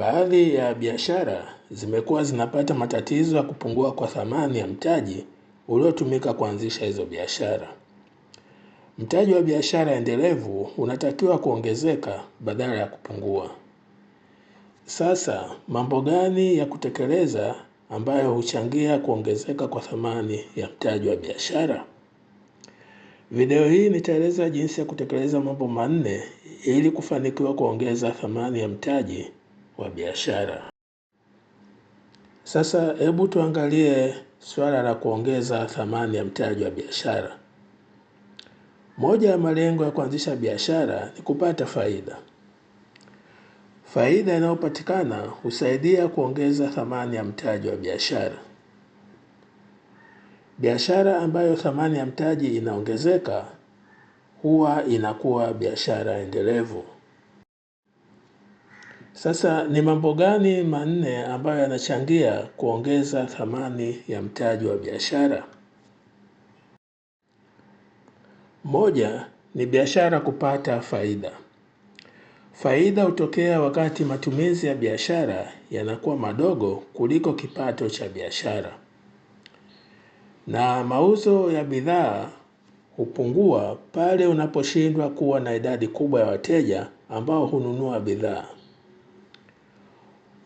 Baadhi ya biashara zimekuwa zinapata matatizo ya kupungua kwa thamani ya mtaji uliotumika kuanzisha hizo biashara. Mtaji wa biashara endelevu unatakiwa kuongezeka badala ya kupungua. Sasa mambo gani ya kutekeleza ambayo huchangia kuongezeka kwa thamani ya mtaji wa biashara? Video hii nitaeleza jinsi ya kutekeleza mambo manne ili kufanikiwa kuongeza thamani ya mtaji wa biashara. Sasa hebu tuangalie suala la kuongeza thamani ya mtaji wa biashara. Moja ya malengo ya kuanzisha biashara ni kupata faida. Faida inayopatikana husaidia kuongeza thamani ya mtaji wa biashara. Biashara ambayo thamani ya mtaji inaongezeka huwa inakuwa biashara endelevu. Sasa ni mambo gani manne ambayo yanachangia kuongeza thamani ya mtaji wa biashara? Moja ni biashara kupata faida. Faida hutokea wakati matumizi ya biashara yanakuwa madogo kuliko kipato cha biashara. Na mauzo ya bidhaa hupungua pale unaposhindwa kuwa na idadi kubwa ya wateja ambao hununua bidhaa.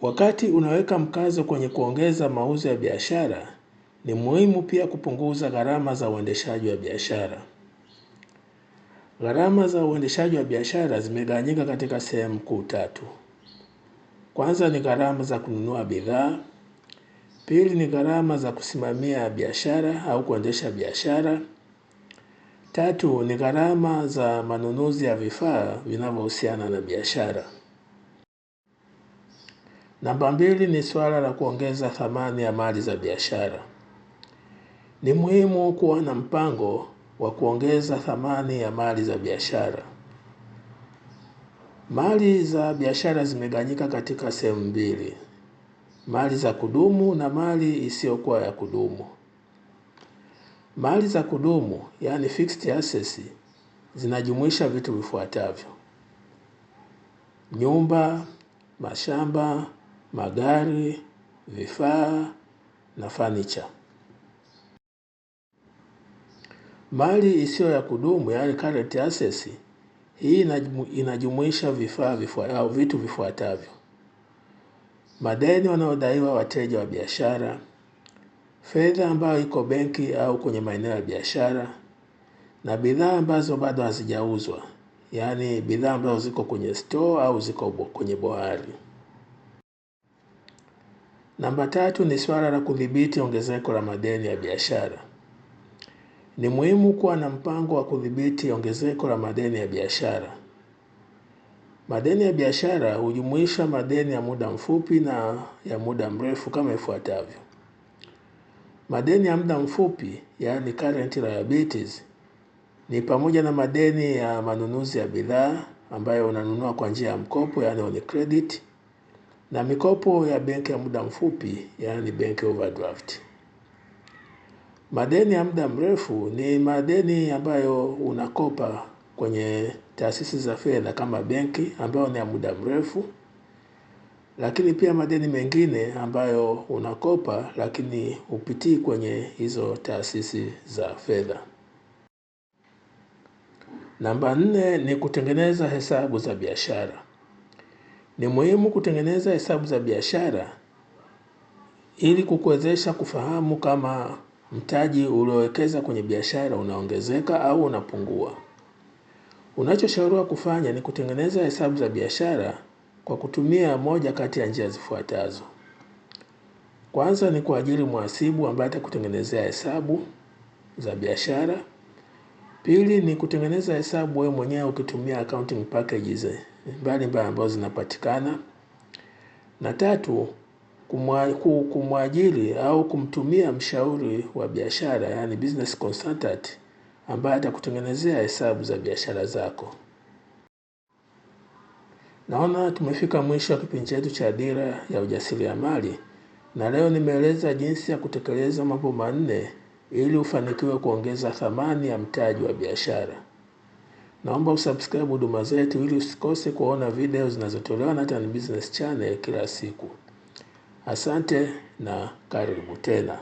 Wakati unaweka mkazo kwenye kuongeza mauzo ya biashara, ni muhimu pia kupunguza gharama za uendeshaji wa biashara. Gharama za uendeshaji wa biashara zimegawanyika katika sehemu kuu tatu. Kwanza ni gharama za kununua bidhaa, pili ni gharama za kusimamia biashara au kuendesha biashara, tatu ni gharama za manunuzi ya vifaa vinavyohusiana na biashara. Namba mbili ni suala la kuongeza thamani ya mali za biashara. Ni muhimu kuwa na mpango wa kuongeza thamani ya mali za biashara. Mali za biashara zimeganyika katika sehemu mbili. Mali za kudumu na mali isiyokuwa ya kudumu. Mali za kudumu, yani fixed assets, zinajumuisha vitu vifuatavyo: nyumba, mashamba, magari, vifaa na fanicha. Mali isiyo ya kudumu yaani current assets, hii inajumuisha vifaa vifuatavyo, vitu vifuatavyo: madeni wanaodaiwa wateja wa biashara, fedha ambayo iko benki au kwenye maeneo ya biashara, na bidhaa ambazo bado hazijauzwa, yaani bidhaa ambazo ziko kwenye store au ziko kwenye bohari. Namba tatu ni swala la kudhibiti ongezeko la madeni ya biashara. Ni muhimu kuwa na mpango wa kudhibiti ongezeko la madeni ya biashara. Madeni ya biashara hujumuisha madeni ya muda mfupi na ya muda mrefu kama ifuatavyo. Madeni ya muda mfupi, yaani current liabilities, ni pamoja na madeni ya manunuzi ya bidhaa ambayo unanunua kwa njia ya mkopo, yaani on credit na mikopo ya benki ya muda mfupi, yaani benki overdraft. Madeni ya muda mrefu ni madeni ambayo unakopa kwenye taasisi za fedha kama benki ambayo ni ya muda mrefu, lakini pia madeni mengine ambayo unakopa lakini upitii kwenye hizo taasisi za fedha. Namba nne ni kutengeneza hesabu za biashara. Ni muhimu kutengeneza hesabu za biashara ili kukuwezesha kufahamu kama mtaji uliowekeza kwenye biashara unaongezeka au unapungua. Unachoshauriwa kufanya ni kutengeneza hesabu za biashara kwa kutumia moja kati ya njia zifuatazo. Kwanza ni kuajiri mhasibu ambaye atakutengenezea hesabu za biashara. Pili ni kutengeneza hesabu wewe mwenyewe ukitumia accounting packages mbalimbali eh, ambazo zinapatikana. Na tatu, kumwajiri au kumtumia mshauri wa biashara, yani business consultant, ambaye atakutengenezea hesabu za biashara zako. Naona tumefika mwisho wa kipindi chetu cha Dira ya Ujasiriamali, na leo nimeeleza jinsi ya kutekeleza mambo manne ili ufanikiwe kuongeza thamani ya mtaji wa biashara. Naomba usubscribe huduma zetu ili usikose kuona video zinazotolewa na Tan Business Channel kila siku. Asante na karibu tena.